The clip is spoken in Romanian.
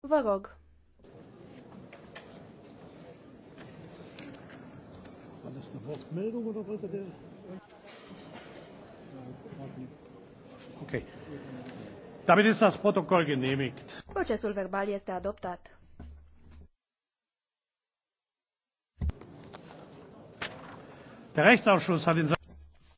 Vă rog. Alles eine Wortmeldung oder wollte der? Damit ist das Protokoll genehmigt. Procesul verbal este adoptat. Der Rechtsausschuss hat in